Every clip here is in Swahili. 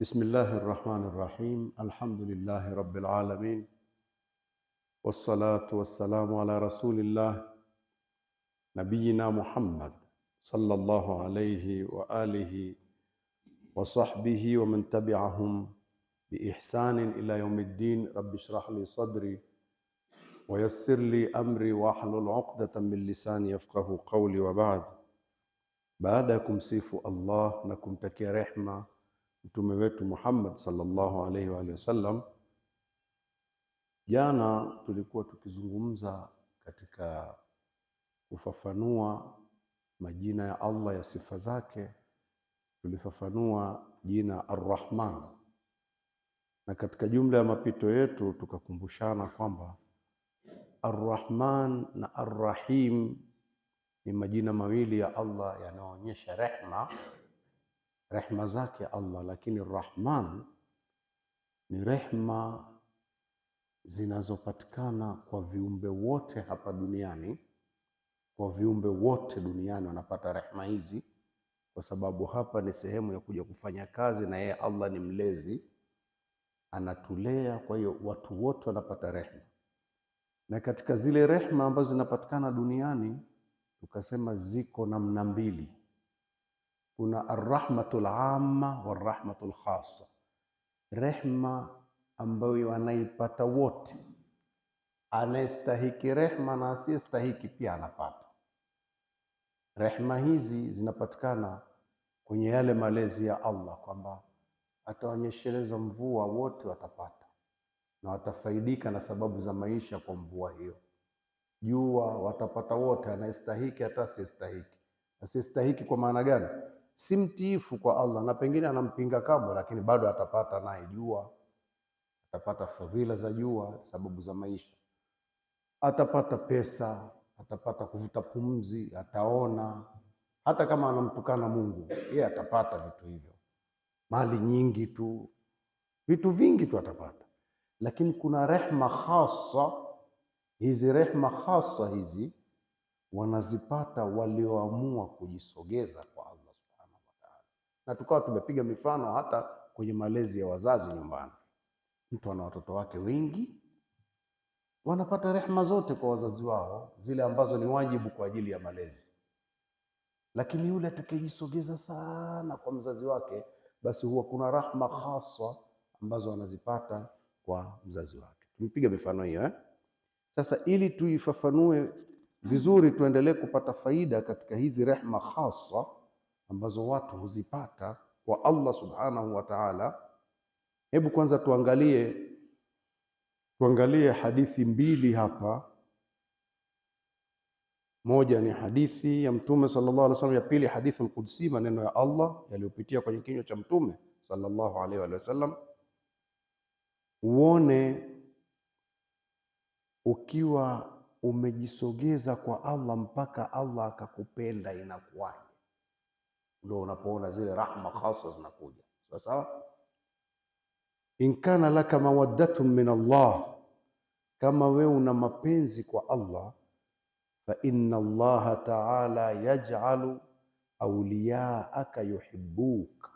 بسم الله الرحمن الرحيم الحمد لله رب العالمين والصلاة والسلام على رسول الله نبينا محمد صلى الله عليه وآله وصحبه ومن تبعهم بإحسان إلى يوم الدين رب اشرح لي صدري ويسر لي أمري واحلل عقدة من لساني يفقه قولي وبعد بعدكم سيف الله نكم تكي رحمه mtume wetu Muhammad sallallahu alaihi wa sallam. Jana tulikuwa tukizungumza katika kufafanua majina ya Allah ya sifa zake, tulifafanua jina Ar-Rahman, na katika jumla ya mapito yetu tukakumbushana kwamba Ar-Rahman na Ar-Rahim ni majina mawili ya Allah yanayoonyesha rehma rehma zake Allah, lakini Rahman ni rehma zinazopatikana kwa viumbe wote hapa duniani. Kwa viumbe wote duniani wanapata rehma hizi, kwa sababu hapa ni sehemu ya kuja kufanya kazi, na yeye Allah ni mlezi, anatulea. Kwa hiyo watu wote wanapata rehma, na katika zile rehma ambazo zinapatikana duniani tukasema ziko namna mbili kuna arrahmatul amma warahmatul khasa, rehma ambayo wanaipata wote, anayestahiki rehma na asiyestahiki pia anapata rehma. Hizi zinapatikana kwenye yale malezi ya Allah kwamba atawanyesheleza mvua wote watapata na watafaidika na sababu za maisha kwa mvua hiyo. Jua watapata wote, anayestahiki hata asiyestahiki. Asiyestahiki kwa maana gani? si mtiifu kwa Allah na pengine anampinga kamwe, lakini bado atapata naye jua, atapata fadhila za jua, sababu za maisha, atapata pesa, atapata kuvuta pumzi, ataona. Hata kama anamtukana Mungu, yeye atapata vitu hivyo, mali nyingi tu, vitu vingi tu atapata. Lakini kuna rehma hasa, hizi rehma hasa hizi wanazipata walioamua kujisogeza kwa na tukawa tumepiga mifano hata kwenye malezi ya wazazi nyumbani. Mtu ana watoto wake wengi, wanapata rehma zote kwa wazazi wao, zile ambazo ni wajibu kwa ajili ya malezi. Lakini yule atakayejisogeza sana kwa mzazi wake, basi huwa kuna rahma haswa ambazo anazipata kwa mzazi wake. Tumepiga mifano hiyo eh? Sasa ili tuifafanue vizuri, tuendelee kupata faida katika hizi rehma haswa ambazo watu huzipata kwa Allah subhanahu wa ta'ala. Hebu kwanza tuangalie, tuangalie hadithi mbili hapa. Moja ni hadithi ya Mtume sallallahu alaihi wasallam, ya pili hadithul qudsi, maneno ya Allah yaliyopitia kwenye kinywa cha Mtume sallallahu alaihi wasallam. Uone ukiwa umejisogeza kwa Allah mpaka Allah akakupenda inakuwaje? ndio unapoona zile rahma khaswa zinakuja. Sawa sawa. In kana laka mawaddatun min Allah, kama wewe una mapenzi kwa Allah, fa inna Allah ta'ala yaj'alu awliyaaka yuhibbuk,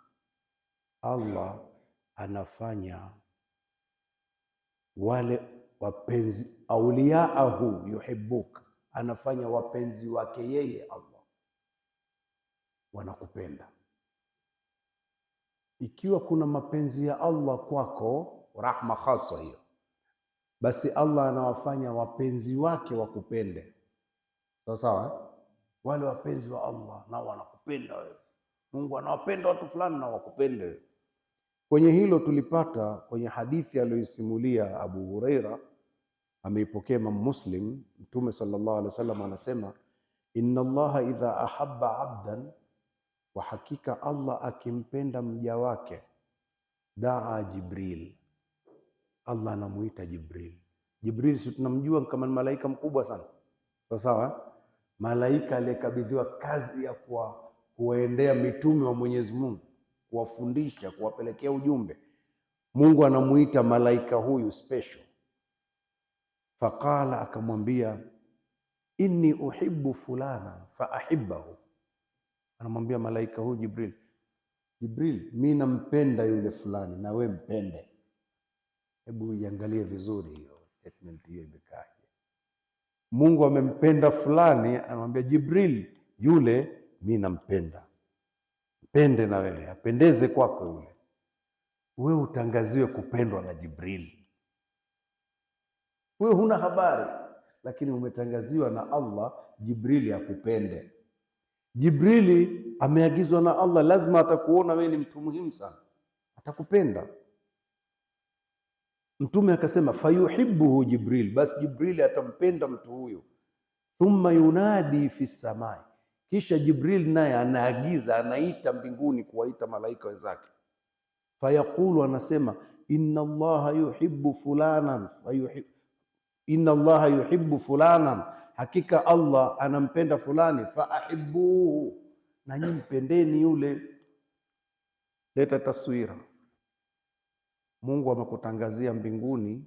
Allah anafanya wale wapenzi, auliyaahu yuhibbuk, anafanya wapenzi wake yeye Allah wanakupenda. Ikiwa kuna mapenzi ya Allah kwako, rahma khasa hiyo, basi Allah anawafanya wapenzi wake wakupende. Sawa sawa, eh? wale wapenzi wa Allah nao wanakupenda wewe. Mungu anawapenda watu fulani na wakupende wewe. Kwenye hilo tulipata kwenye hadithi aliyoisimulia Abu Huraira, ameipokea Imam Muslim. Mtume sallallahu alaihi wasallam anasema, inna Allaha idha ahabba abdan kwa hakika Allah akimpenda mja wake daa Jibril, Allah anamuita Jibril. Jibril si tunamjua kama malaika mkubwa sana, sawa sawa, eh? malaika aliyekabidhiwa kazi ya kuwa kuwaendea mitume wa Mwenyezi Mungu, kuwafundisha, kuwapelekea ujumbe. Mungu anamuita malaika huyu special. Faqala, akamwambia inni uhibbu fulana fa ahibbahu anamwambia malaika huyu Jibril, Jibril, mi nampenda yule fulani, na we mpende. Hebu iangalie vizuri hiyo statement, hiyo imekaje? Mungu amempenda fulani, anamwambia Jibril, yule mi nampenda, mpende na wewe, apendeze kwako yule. Wewe utangaziwe kupendwa na Jibril, wewe huna habari, lakini umetangaziwa na Allah Jibrili akupende Jibrili ameagizwa na Allah, lazima atakuona wewe ni mtu muhimu sana, atakupenda. Mtume akasema fayuhibbuhu Jibril, basi Jibrili atampenda mtu huyo. Thumma yunadi fi samai, kisha Jibril naye anaagiza, anaita mbinguni, kuwaita malaika wenzake. Fayaqulu, anasema inna Allaha yuhibbu fulanan fayuhibbu inna allaha yuhibbu fulanan, hakika Allah anampenda fulani, faahibbuhu, na nyinyi mpendeni yule. Leta taswira, Mungu amekutangazia mbinguni,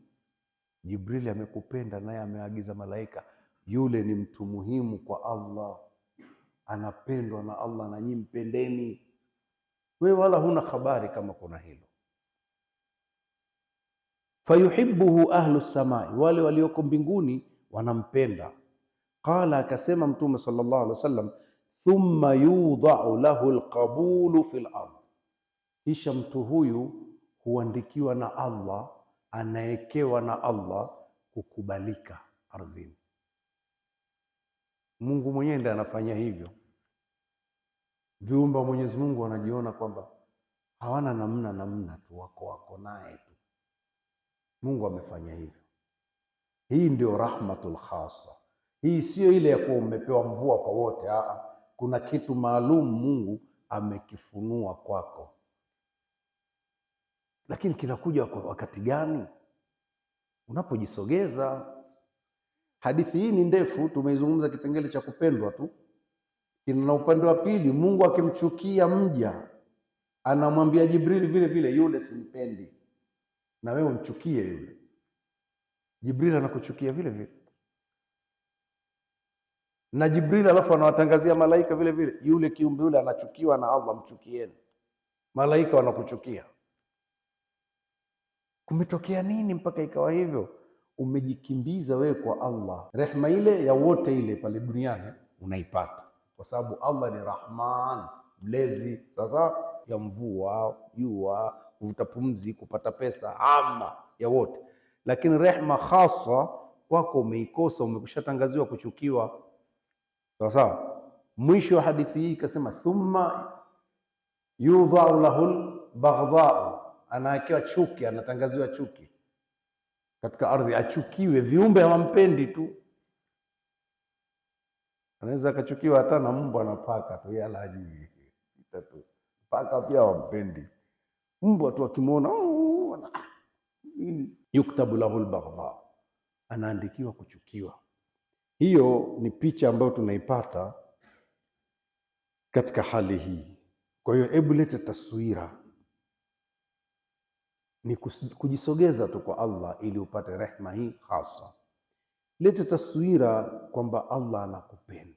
Jibrili amekupenda, naye ameagiza malaika, yule ni mtu muhimu kwa Allah, anapendwa na Allah, na nyinyi mpendeni. Wewe wala huna habari kama kuna hilo fayuhibuhu ahlu samai, wale walioko mbinguni wanampenda. Qala, akasema Mtume sallallahu alaihi wasallam, thumma yudau lahu lqabulu fi ard, kisha mtu huyu huandikiwa na Allah, anaekewa na Allah kukubalika ardhini. Mungu mwenyewe ndiye anafanya hivyo. Viumba Mwenyezi Mungu wanajiona kwamba hawana namna, namna tu wako wako naye Mungu amefanya hivyo. Hii ndio rahmatul khassa. Hii siyo ile ya kuwa umepewa mvua kwa wote. Aa, kuna kitu maalum Mungu amekifunua kwako, lakini kinakuja kwa wakati gani? Unapojisogeza. Hadithi hii ni ndefu, tumeizungumza kipengele cha kupendwa tu. Kina upande wa pili, Mungu akimchukia mja anamwambia Jibrili vile vile, yule simpendi na wewe umchukie yule. Jibril anakuchukia vile vile na Jibril alafu anawatangazia malaika vile vile, yule kiumbe yule anachukiwa na Allah, mchukieni. Malaika wanakuchukia. Kumetokea nini mpaka ikawa hivyo? Umejikimbiza wewe kwa Allah. Rehma ile ya wote ile pale duniani unaipata kwa sababu Allah ni Rahman, mlezi. Sasa ya mvua, jua, kuvuta pumzi, kupata pesa, ama ya wote. Lakini rehma hasa kwako umeikosa, umekushatangaziwa kuchukiwa. Sawa sawa. Mwisho wa hadithi hii ikasema, thumma yudhau lahul baghdhau, anawekewa chuki, anatangaziwa chuki katika ardhi, achukiwe. Viumbe hawampendi tu, anaweza akachukiwa hata na mbwa na paka tu, yala ajui tu Paka pia wampendi. Mbwa tu akimwona ah, nini, yuktabu lahu albaghdha, anaandikiwa kuchukiwa. Hiyo ni picha ambayo tunaipata katika hali hii. Kwa hiyo hebu lete taswira, ni kujisogeza tu kwa Allah ili upate rehma hii hasa. lete taswira kwamba Allah anakupenda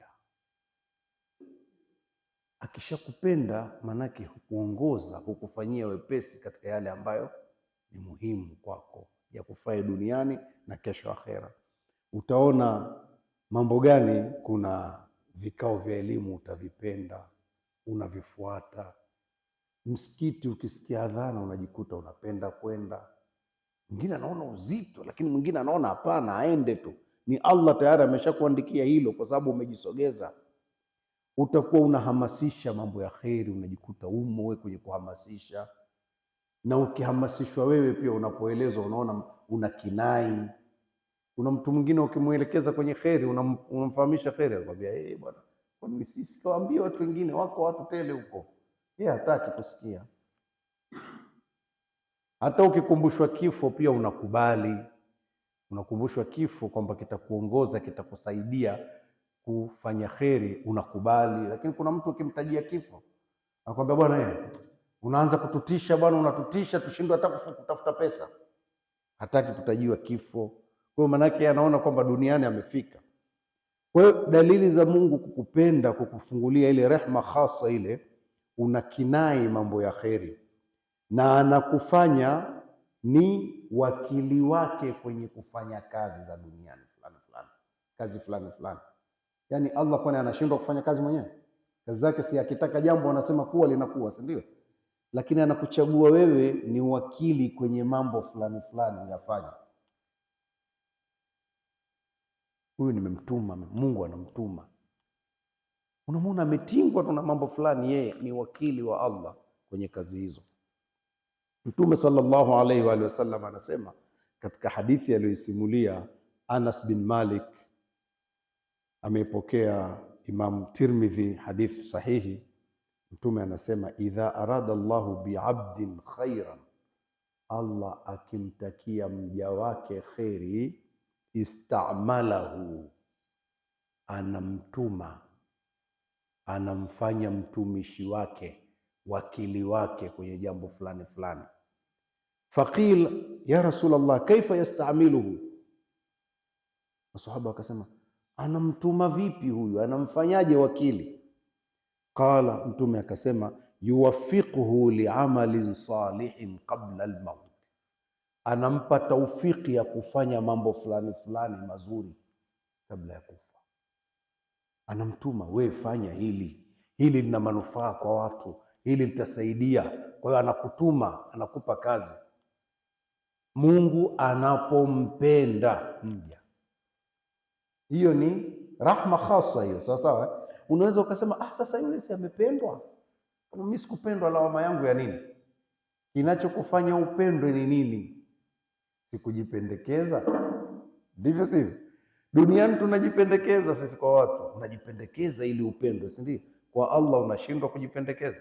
Akishakupenda manake hukuongoza, hukufanyia wepesi katika yale ambayo ni muhimu kwako ya kufai duniani na kesho akhera. Utaona mambo gani? Kuna vikao vya elimu utavipenda, unavifuata. Msikiti ukisikia adhana unajikuta unapenda kwenda. Mwingine anaona uzito, lakini mwingine anaona hapana, aende tu. Ni Allah tayari ameshakuandikia hilo, kwa sababu umejisogeza utakuwa unahamasisha mambo ya kheri, unajikuta umo wewe kwenye kuhamasisha. Na ukihamasishwa wewe pia, unapoelezwa unaona una kinai. Kuna mtu mwingine ukimwelekeza kwenye kheri, unamfahamisha kheri, anakwambia eh, bwana, kwani sisi kawaambia watu wengine, wako watu tele huko, yeye hataki kusikia. Hata ukikumbushwa kifo pia unakubali, unakumbushwa kifo kwamba kitakuongoza, kitakusaidia kufanya kheri unakubali, lakini kuna mtu ukimtajia kifo akwambia bwana wewe eh, unaanza kututisha bwana, unatutisha tushindwe hata kutafuta pesa. Hataki kutajiwa kifo. Kwa maana yake anaona kwamba duniani amefika. Kwa hiyo dalili za Mungu kukupenda, kukufungulia ile rehma hasa ile, unakinai mambo ya kheri na anakufanya ni wakili wake kwenye kufanya kazi za duniani fulani fulani, kazi fulani fulani Yaani Allah kwani anashindwa kufanya kazi mwenyewe? Kazi zake si akitaka jambo anasema kuwa linakuwa, si ndio? Lakini anakuchagua wewe ni wakili kwenye mambo fulani fulani uyafanye. Huyu nimemtuma, Mungu anamtuma. Unamwona ametingwa tu na mambo fulani, yeye ni wakili wa Allah kwenye kazi hizo. Mtume sallallahu alaihi wa alihi wasallam anasema katika hadithi aliyoisimulia Anas bin Malik ameipokea Imam Tirmidhi hadith sahihi. Mtume anasema idha arada Allahu biabdin khairan, Allah akimtakia mja wake kheri, istamalahu, anamtuma anamfanya mtumishi wake wakili wake kwenye jambo fulani fulani. Faqil ya Rasulullah, kaifa yastamiluhu? Masahaba wakasema anamtuma vipi huyu, anamfanyaje wakili? Qala, Mtume akasema yuwafiquhu liamalin salihin qabla almaut, anampa taufiki ya kufanya mambo fulani fulani mazuri kabla ya kufa. Anamtuma we, fanya hili hili, lina manufaa kwa watu, hili litasaidia. Kwa hiyo anakutuma, anakupa kazi. Mungu anapompenda mja hiyo ni rahma khasa hiyo, sawa sawa. Eh? Unaweza ukasema ah, sasa yule si amependwa, mimi sikupendwa, lawama yangu ya nini? Kinachokufanya upendwe ni nini? Sikujipendekeza, ndivyo sivyo? Duniani tunajipendekeza sisi kwa watu, unajipendekeza ili upendwe, si ndio? Kwa Allah unashindwa kujipendekeza.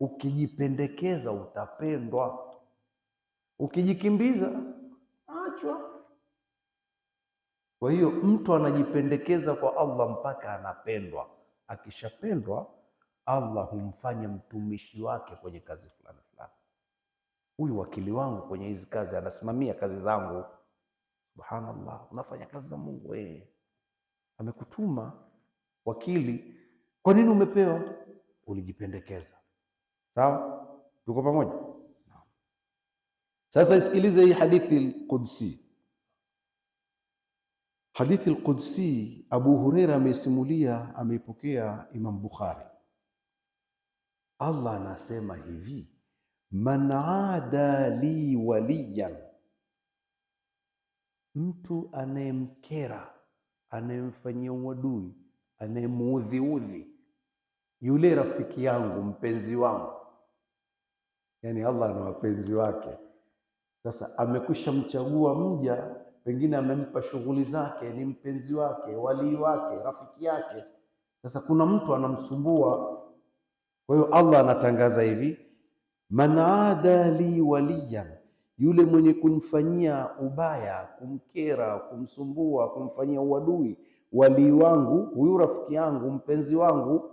Ukijipendekeza utapendwa, ukijikimbiza achwa kwa hiyo mtu anajipendekeza kwa Allah mpaka anapendwa. Akishapendwa, Allah humfanya mtumishi wake kwenye kazi fulani fulani. Huyu wakili wangu kwenye hizi kazi anasimamia kazi zangu. Subhanallah, unafanya kazi za Mungu eh. Amekutuma wakili. Kwa nini umepewa? Ulijipendekeza. Sawa, tuko pamoja. Sasa isikilize hii hadithi qudsi Hadithi al-Qudsi Abu Huraira amesimulia, ameipokea Imam Bukhari. Allah anasema hivi, man ada li waliyan, mtu anayemkera, anayemfanyia uadui, anayemuudhiudhi yule rafiki yangu, mpenzi wangu. Yani Allah na wapenzi wake. Sasa amekwisha mchagua mja pengine amempa shughuli zake, ni mpenzi wake, walii wake, rafiki yake. Sasa kuna mtu anamsumbua, kwa hiyo Allah anatangaza hivi, man ada li waliyan, yule mwenye kumfanyia ubaya, kumkera, kumsumbua, kumfanyia uadui walii wangu, huyu rafiki yangu, mpenzi wangu,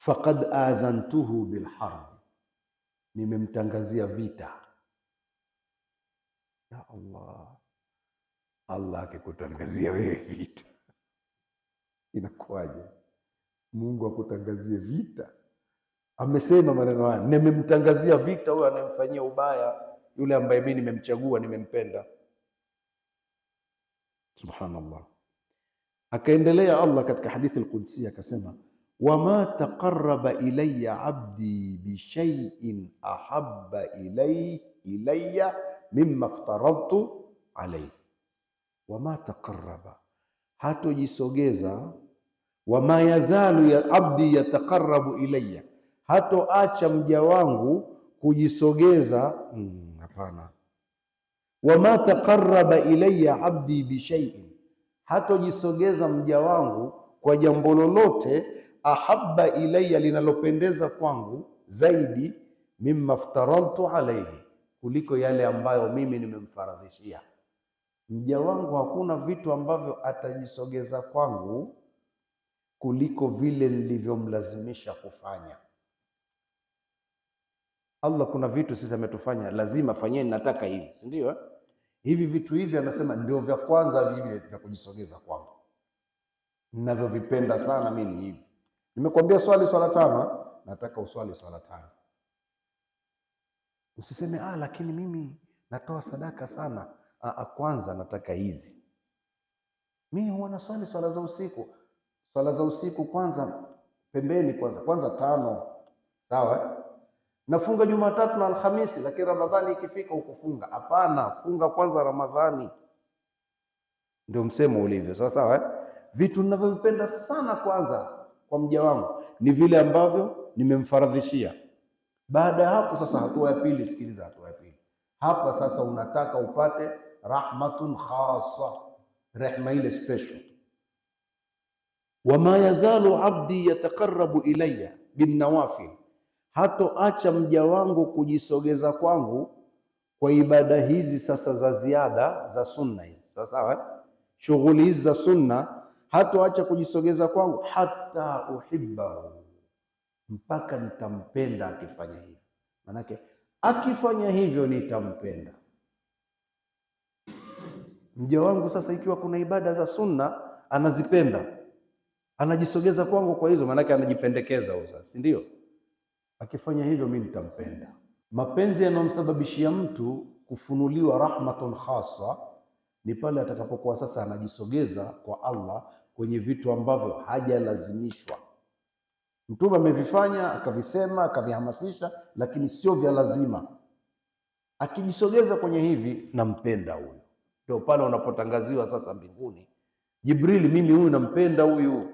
faqad adhantuhu bilharb, nimemtangazia vita. Ya Allah Allah akikutangazia wewe vita inakuwaje? Mungu akutangazie vita? Amesema maneno haya, nimemtangazia vita huyo anayemfanyia ubaya, yule ambaye mimi nimemchagua, nimempenda. Subhanallah. Akaendelea Allah katika hadithi al-Qudsi akasema, wama taqaraba ilayya abdi bishaiin ahabba ilayya mimma aftaradtu alayhi wama taqarraba, hatojisogeza. Wama yazalu ya abdi yataqarrabu ilayya, hatoacha mja wangu kujisogeza. Mm, hapana. Hmm, wama taqarraba ilayya abdi bishaiin, hatojisogeza mja wangu kwa jambo lolote. Ahabba ilayya, linalopendeza kwangu zaidi, mimma ftaraltu alayhi, kuliko yale ambayo mimi nimemfaradhishia mja wangu hakuna vitu ambavyo atajisogeza kwangu kuliko vile nilivyomlazimisha kufanya. Allah, kuna vitu sisi ametufanya lazima fanyeni, nataka hivi, si ndio? Eh? Hivi vitu hivi anasema ndio vya kwanza hivi vya kujisogeza kwangu, ninavyovipenda sana mimi hivi. Nimekuambia swali swala tano, nataka uswali swala tano. Usiseme ah, lakini mimi natoa sadaka sana Aa, kwanza nataka hizi. Mimi huwa naswali swala za usiku, swala za usiku kwanza pembeni, kwanza kwanza tano, sawa. Nafunga Jumatatu na Alhamisi, lakini Ramadhani ikifika ukufunga? Hapana, funga kwanza Ramadhani. Ndio msemo ulivyo, sawa sawa. Eh? Vitu ninavyovipenda sana kwanza kwa mja wangu ni vile ambavyo nimemfaradhishia. Baada ya hapo sasa, hatua ya pili, sikiliza, hatua ya pili hapa sasa, unataka upate rahmatun khassa, rehma ile special. Wama yazalu abdi yataqarrabu ilayya bin nawafil, hatoacha mja wangu kujisogeza kwangu kwa ibada hizi sasa za ziada za sunna hizi, sawa sawa, eh? shughuli hizi za sunna, hatoacha kujisogeza kwangu hata uhibbahu, mpaka nitampenda akifanya hivyo. Manake akifanya hivyo nitampenda. Mja wangu sasa, ikiwa kuna ibada za sunna anazipenda, anajisogeza kwangu kwa hizo, maanake anajipendekeza huyo sasa, si ndio? Akifanya hivyo mimi nitampenda. Mapenzi yanayomsababishia mtu kufunuliwa rahmatun khassa ni pale atakapokuwa sasa anajisogeza kwa Allah kwenye vitu ambavyo hajalazimishwa. Mtume amevifanya akavisema, akavihamasisha, lakini sio vya lazima. Akijisogeza kwenye hivi, nampenda huyo. Ndio pale unapotangaziwa sasa mbinguni, Jibrili, mimi huyu nampenda huyu.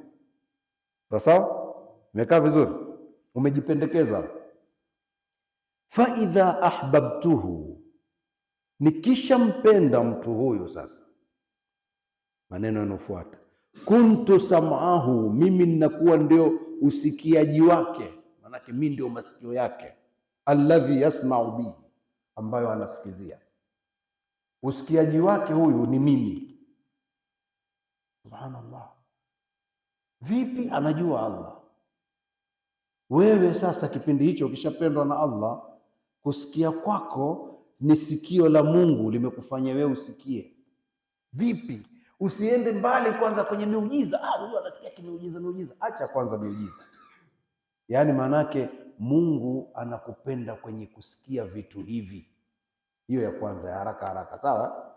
Sawasawa, imekaa vizuri, umejipendekeza. Fa idha ahbabtuhu, nikishampenda mtu huyu sasa, maneno yanofuata kuntu samahu, mimi ninakuwa ndio usikiaji wake, maanake mi ndio masikio yake, alladhi yasmau bihi, ambayo anasikizia usikiaji wake huyu ni mimi. Subhanallah, vipi anajua Allah? Wewe sasa kipindi hicho ukishapendwa na Allah, kusikia kwako ni sikio la Mungu limekufanya wewe usikie. Vipi? Usiende mbali kwanza kwenye miujiza. Ah, huyu anasikia kimiujiza, miujiza. Acha kwanza miujiza, yaani maanake Mungu anakupenda kwenye kusikia vitu hivi. Hiyo ya kwanza ya haraka haraka, sawa.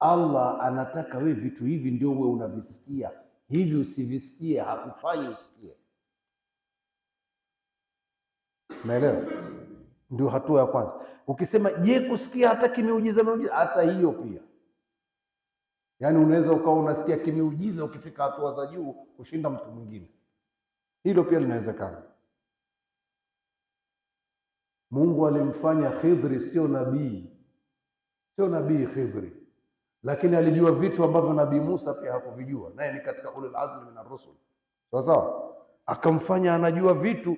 Allah anataka we vitu hivi ndio we unavisikia hivi, usivisikie hakufanyi usikie. Naelewa, ndio hatua ya kwanza. Ukisema je, kusikia hata kimeujiza meujiza, hata hiyo pia yaani unaweza ukawa unasikia kimeujiza ukifika hatua za juu kushinda mtu mwingine, hilo pia linawezekana. Mungu alimfanya Khidhri sio nabii, sio nabii Khidri, lakini alijua vitu ambavyo nabii Musa pia hakuvijua, naye ni katika ulul azmi min ar-rusul. Sawa sawa, akamfanya anajua vitu,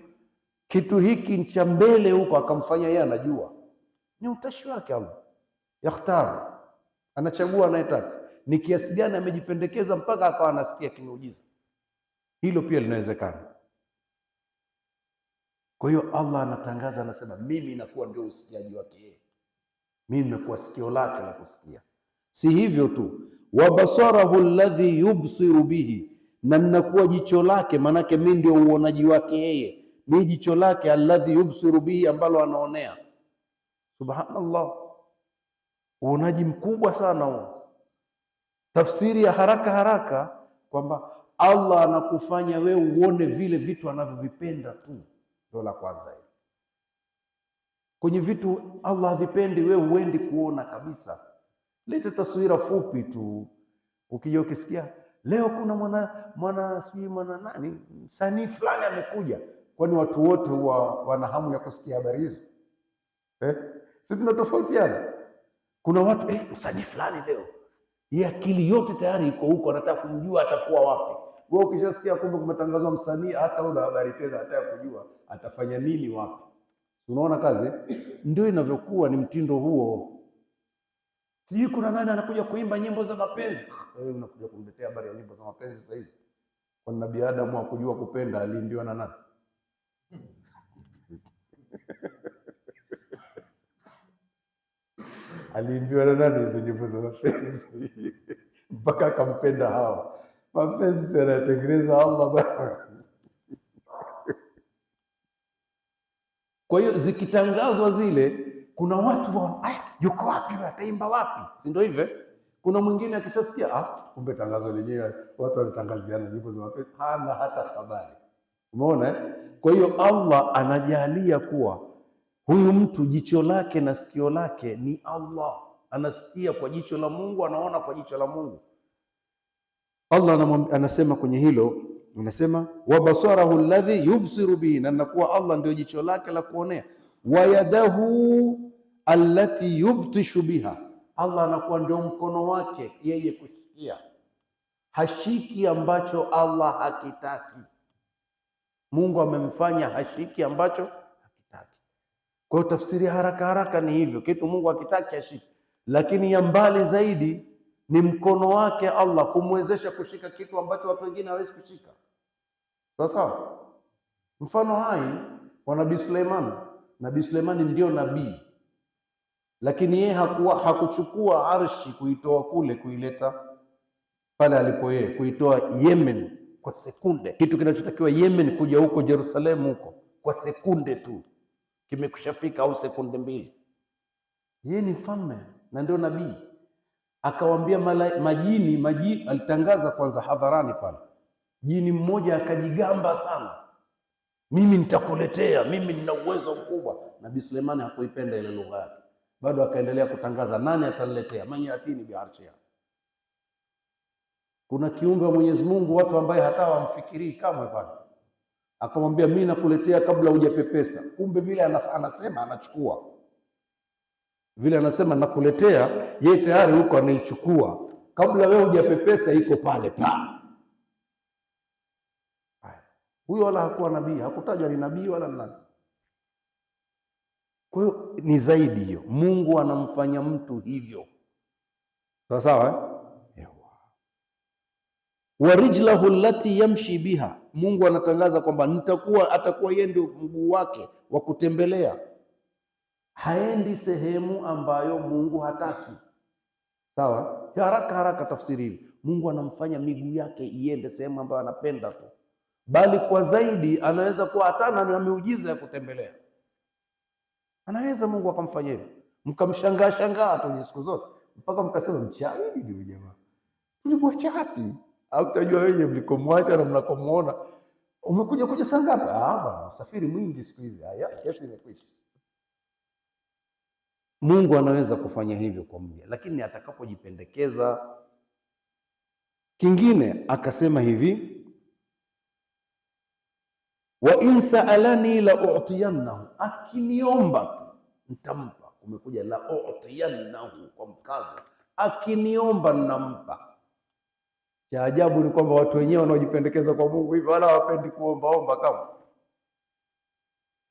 kitu hiki cha mbele huko akamfanya yeye anajua. Ni utashi wake Allah, yakhtar, anachagua anayetaka. Ni kiasi gani amejipendekeza mpaka akawa anasikia kimeujiza, hilo pia linawezekana. Kwa hiyo Allah anatangaza, anasema mimi nakuwa ndio usikiaji wake mimi nimekuwa sikio lake la kusikia. Si hivyo tu, wabasarahu alladhi yubsiru bihi, na ninakuwa jicho lake, maanake mimi ndio uonaji wake yeye, mi jicho lake, alladhi yubsiru bihi, ambalo anaonea. Subhanallah, uonaji mkubwa sana huo. Tafsiri ya haraka haraka kwamba Allah anakufanya wewe uone vile vitu anavyovipenda tu, ndio la kwanza hiyo kwenye vitu Allah havipendi, we huendi kuona kabisa. Lete taswira fupi tu, ukija ukisikia leo kuna mwana mwana sijui mwana nani msanii fulani amekuja, kwani watu wote huwa wana hamu ya kusikia habari hizo eh? Si tunatofautiana. Kuna watu eh, msanii fulani leo yeye akili yote tayari iko huko, anataka kumjua atakuwa wapi. Wewe ukishasikia kumbe kumetangazwa msanii, hata una habari tena, anataka kujua atafanya nini wapi Unaona kazi ndio inavyokuwa, ni mtindo huo. Sijui kuna nani anakuja kuimba nyimbo za mapenzi. Ah, wewe unakuja kumletea habari ya nyimbo za mapenzi sasa hizi? Kwa Nabii Adamu hakujua kupenda, aliimbiwa na nani? aliimbiwa na nani hizo nyimbo za mapenzi mpaka akampenda hawa? Mapenzi yanatengeneza Allah bana Kwa hiyo zikitangazwa zile, kuna watu waona, ah, yuko wapi? Ataimba wapi? si ndio hivyo? Kuna mwingine akishasikia, ah, kumbe tangazo lenyewe watu wanatangaziana nyimbo za mapenzi, hana hata habari. Umeona eh? Kwa hiyo Allah anajalia kuwa huyu mtu jicho lake na sikio lake ni Allah, anasikia kwa jicho la Mungu, anaona kwa jicho la Mungu. Allah anasema kwenye hilo unasema wabasarahu alladhi yubsiru bihi, na nakuwa Allah ndio jicho lake la kuonea. Wayadahu allati yubtishu biha, Allah anakuwa ndio mkono wake yeye kushikia. Hashiki ambacho Allah hakitaki. Mungu amemfanya hashiki ambacho hakitaki. Kwa hiyo tafsiri haraka haraka ni hivyo, kitu Mungu hakitaki hashiki, lakini ya mbali zaidi ni mkono wake Allah kumwezesha kushika kitu ambacho watu wengine hawezi kushika. sasa mfano hai wa Nabii Suleiman. Nabii Suleiman ndio nabii, lakini yeye hakuwa hakuchukua arshi kuitoa kule kuileta pale alipo yeye, kuitoa Yemen kwa sekunde, kitu kinachotakiwa Yemen kuja huko Jerusalemu huko kwa sekunde tu kimekushafika, au sekunde mbili. Yeye ni mfalme na ndio nabii akawambia majini maji, alitangaza kwanza hadharani pale. Jini mmoja akajigamba sana, mimi nitakuletea, mimi nina uwezo mkubwa. Nabii Sulemani hakuipenda ile lugha yake, bado akaendelea kutangaza, nani ataniletea? man yatini biarshiha. Kuna kiumbe wa Mwenyezi Mungu watu ambaye hata hawamfikirii kamwe pale akamwambia, mi nakuletea kabla hujapepesa. Kumbe vile anasema anachukua vile anasema nakuletea, yeye tayari huko anaichukua kabla wewe hujapepesa, iko pale pa huyo. Wala hakuwa nabii, hakutajwa ni nabii wala nani. Kwa hiyo ni zaidi hiyo, Mungu anamfanya mtu hivyo, sawa sawa eh? wa rijlahu lati yamshi biha, Mungu anatangaza kwamba nitakuwa, atakuwa yeye ndio mguu wake wa kutembelea haendi sehemu ambayo Mungu hataki. Sawa, haraka haraka tafsiri hii, Mungu anamfanya miguu yake iende sehemu ambayo anapenda tu, bali kwa zaidi anaweza kuwa hata na miujiza ya kutembelea, anaweza Mungu akamfanya hivyo, mkamshangaa shangaa tu siku zote mpaka mkasema mchawi ndio jamaa, ulimwacha wapi? Au tajua wenyewe mlikomwacha na mnakomuona. Umekuja kuja saa ngapi? Ah bwana, usafiri mwingi siku hizi. Haya, kesi imekwisha. Mungu anaweza kufanya hivyo kwa mja, lakini atakapojipendekeza. Kingine akasema hivi, wa in saalani la utiyannahu, akiniomba tu ntampa. Umekuja la utiyannahu kwa mkazo, akiniomba nampa. Cha ajabu ni kwamba watu wenyewe wanaojipendekeza kwa Mungu hivyo wala hawapendi kuombaomba, kama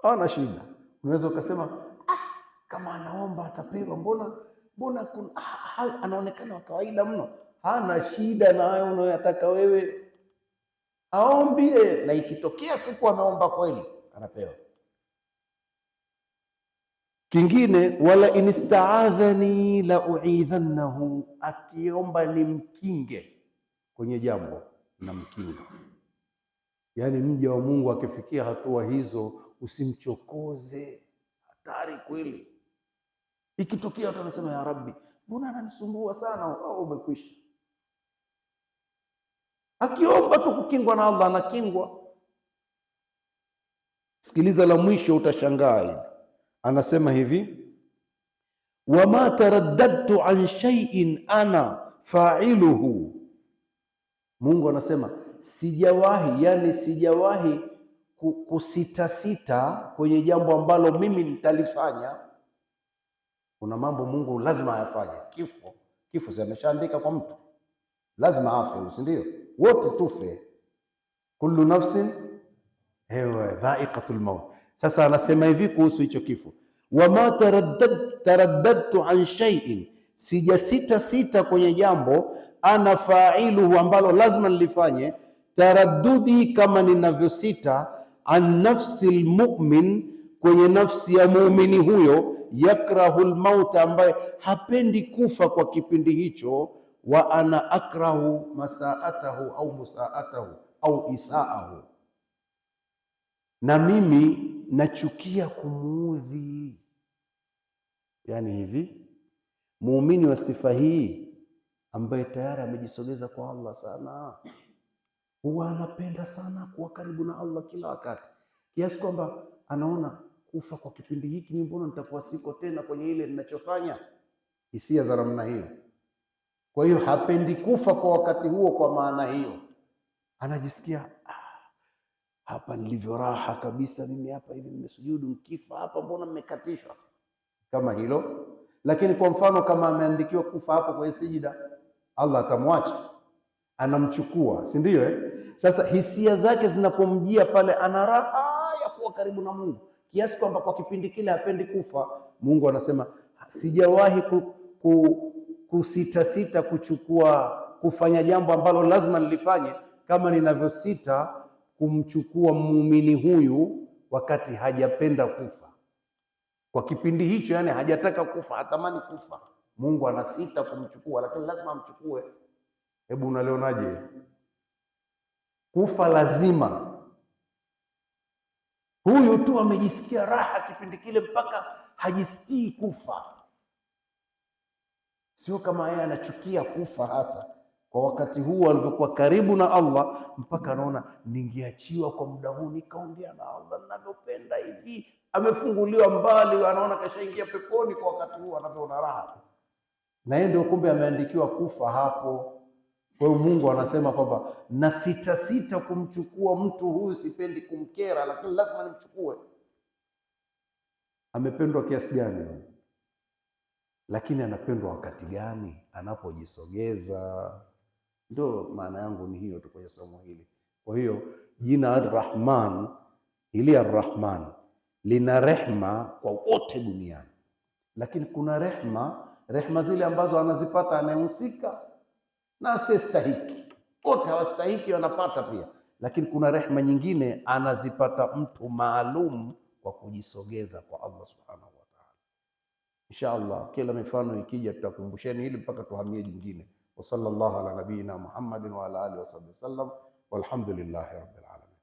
hawana shida. Unaweza ukasema kama anaomba atapewa. Mbona mbona ah, anaonekana wa kawaida mno, hana shida na hayo unayotaka wewe. Aombie, na ikitokea siku ameomba kweli, anapewa. Kingine, wala inistaadhani la uidhannahu, akiomba ni mkinge kwenye jambo na mkinga. Yaani, mja wa Mungu akifikia hatua hizo, usimchokoze. Hatari kweli. Ikitokea watu wanasema ya Rabbi, mbona ananisumbua sana? Au oh, umekwisha. Akiomba tu kukingwa na Allah anakingwa. Sikiliza la mwisho, utashangaa Anasema hivi, wama taraddadtu an shay'in ana fa'iluhu. Mungu anasema sijawahi, yani sijawahi kusitasita kwenye jambo ambalo mimi nitalifanya kuna mambo Mungu lazima ayafanye. Kifo, kifo si ameshaandika kwa mtu, lazima afe, si ndio? Wote tufe, kullu nafsin ewe dhaiqatul maut. Sasa anasema hivi kuhusu hicho kifo, wama taraddadtu an shay'in, sijasita sita kwenye jambo, ana failuhu, ambalo lazima nilifanye. Taraddudi, kama ninavyosita, an nafsi lmumin kwenye nafsi ya muumini huyo, yakrahu lmauta, ambaye hapendi kufa kwa kipindi hicho. Wa ana akrahu masaatahu au musaatahu au isaahu, na mimi nachukia kumuudhi. Yani hivi muumini wa sifa hii ambaye tayari amejisogeza kwa Allah sana, huwa anapenda sana kuwa karibu na Allah kila wakati, kiasi kwamba anaona kufa kwa kipindi hiki, mimi mbona nitakuwa siko tena kwenye ile ninachofanya? Hisia za namna hiyo. Kwa hiyo hapendi kufa kwa wakati huo. Kwa maana hiyo, anajisikia ah, hapa nilivyo raha kabisa mimi, hapa hivi nimesujudu, mkifa hapa mbona mmekatishwa? Kama hilo. Lakini kwa mfano kama ameandikiwa kufa hapo kwenye sijida, Allah atamwacha, anamchukua, si ndio? Eh, sasa hisia zake zinapomjia pale, ana raha ya kuwa karibu na Mungu kiasi kwamba kwa kipindi kile hapendi kufa. Mungu anasema sijawahi ku, ku, kusitasita kuchukua kufanya jambo ambalo lazima nilifanye kama ninavyosita kumchukua muumini huyu wakati hajapenda kufa kwa kipindi hicho, yani hajataka kufa, hatamani kufa. Mungu anasita kumchukua, lakini lazima amchukue. Hebu unalionaje? Kufa lazima Huyu tu amejisikia raha kipindi kile mpaka hajisikii kufa. Sio kama yeye anachukia kufa hasa kwa wakati huu alivyokuwa karibu na Allah, mpaka anaona ningeachiwa kwa muda huu nikaongea na Allah ninavyopenda hivi. Amefunguliwa mbali, anaona kashaingia peponi kwa wakati huu anavyoona raha, na yeye ndio kumbe ameandikiwa kufa hapo. Kwa hiyo Mungu anasema kwamba na sitasita kumchukua mtu huyu, sipendi kumkera, lakini lazima nimchukue. Amependwa kiasi gani? Lakini anapendwa wakati gani? Anapojisogeza. Ndo maana yangu ni hiyo tu kwenye somo hili. Kwa hiyo jina Arrahman, hili Arrahman lina rehma kwa wote duniani, lakini kuna rehma, rehma zile ambazo anazipata anayehusika na asiyestahiki, wote hawastahiki wanapata pia, lakini kuna rehma nyingine anazipata mtu maalum kwa kujisogeza kwa Allah subhanahu wa ta'ala. Insha Allah, kila mifano ikija tutakumbusheni hili mpaka tuhamie jingine. Wa sallallahu ala nabiyina Muhammadin wa ala alihi wa sahbihi wasallam, walhamdulillahi rabbil alamin.